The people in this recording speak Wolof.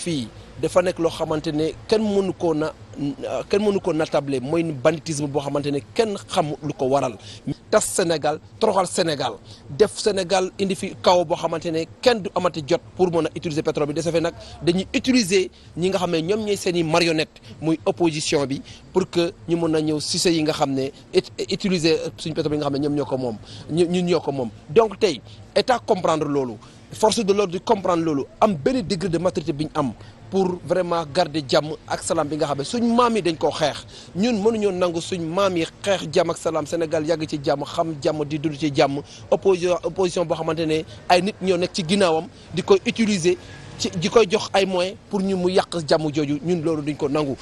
fii dafa nekk loo xamante ne kenn mënu koo na euh, kenn mënu ko natable mooy banditisme boo xamante ne kenn xam lu ko waral tas Sénégal toroxal Sénégal def Sénégal indi fi kaw boo xamante ne kenn du amati jot pour mën a utiliser pétrole bi de ce fait nag dañuy utiliser ñi nga xam ne ñoom ñooy seen i marionnette muy opposition bi pour que ñu mën a ñëw succès yi nga xam ne utiliser suñ pétrole yi nga xam ne ñoom ñoo ko moom ñun ñoo ko moom donc tey état comprendre loolu force de l'ordre di comprendre loolu am benn degré de maturité bi ñu am pour vraiment garde jàmm ak salaam bi nga xam ne suñ maam yi dañ koo xeex ñun mënuñoo nangu suñ maam yi xeex jàmm ak salaam Sénégal yàgg ci jàmm xam jàmm di dund ci jàmm opposition opposition boo xamante ne ay nit ñoo nekk ci ginnaawam di koy utiliser ci di koy jox ay moyens pour ñu mu yàq jàmm jooju ñun loolu dañ ko nangu.